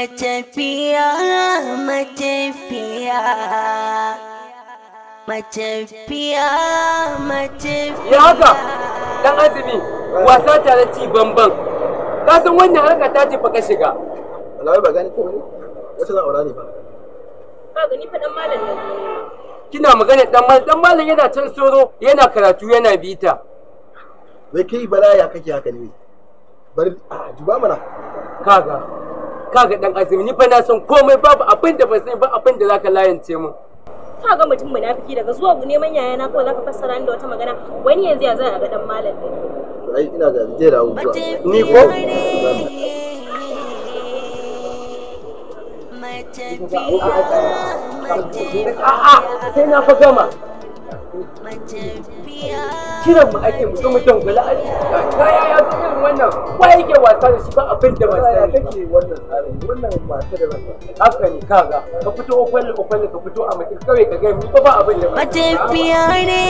matafiya matafiya matafiya matafiya ya haka dan azumi wasa tare ci bamban ka san wannan harka ta ce baka ka shiga wallahi ba gani ko wata aura ne ba ka gani fa dan malam ne kina magana dan malam dan malam yana can soro yana karatu yana bita wai kai bala ya kake haka ne bari a juba mana kaga kaga dan azumi ni fa na san komai babu abin da ba sai ba abin da zaka layance mu ka ga mutum munafiki daga zuwa gune neman yaya na kawai zaka fassara ni da wata magana wani yanzu ya zana ga dan malam ne ai ina ga zai dawo zuwa ni ko a'a sai na fa gama kiran mu ake mutum mutum gula kaya ya yaran nan ke wasa da shi ba abin da wasa ya kake wannan tsarin wannan wasa da wasa haka ne kaga ka fito okwale okwale ka fito a mutum kawai ka gani ba ba abin da wasa matafiya ne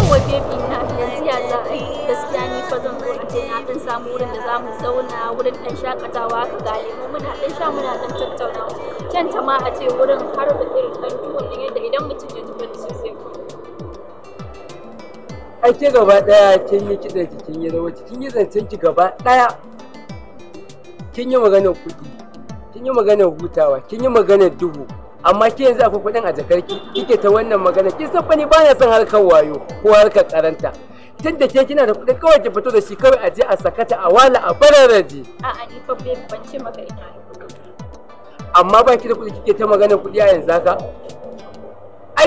kawai baby na yanzu ya za a yi gaskiya ni fa zan zo ce na dan samu wurin da za mu zauna wurin ɗan shakatawa ka gale mu muna dan sha muna dan tattaunawa kyanta ma a ce wurin har da irin kan tuwon yadda idan mutum ake gaba daya kin yi kidan kin yi kin yi zancen ki gaba daya kin yi maganar kuɗi kin yi maganar hutawa kin yi maganar duhu amma ke yanzu akwai kuɗin a jakarki kike ta wannan magana kin san ba bana son harkar wayo ko harkar karanta tun da ke kina da kuɗin kawai ki fito da shi kawai a a sakata a wala a a a ni fa ban ce maka ina amma ba ki da kuɗi kike ta maganar kuɗi a yanzu haka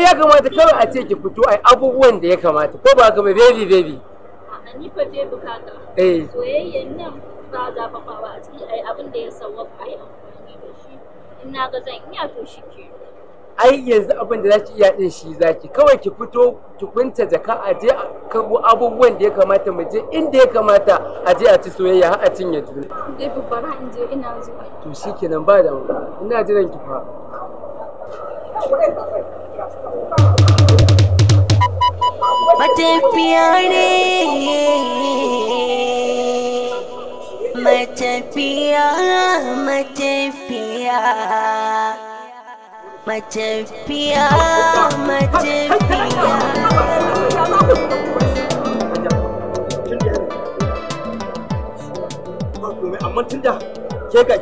ya kamata kawai a ce ki fito ai abubuwan da ya kamata ko ba ka ba baby baby ni fa je bukata eh soyayyen nan ba za ba ba a ciki ai abin da ya ba ai amfani da shi in na ga zan iya to shi ke ai yanzu abin da zaki iya din shi zaki kawai ki fito ki kunta jaka a je a abubuwan da ya kamata mu je inda ya kamata a je a ci soyayya har a cinye juna dai bara in je ina zuwa to shikenan ba da ina jiran ki fa matafiya ne matafiya matafiya matafiya matafiya amma tunda ke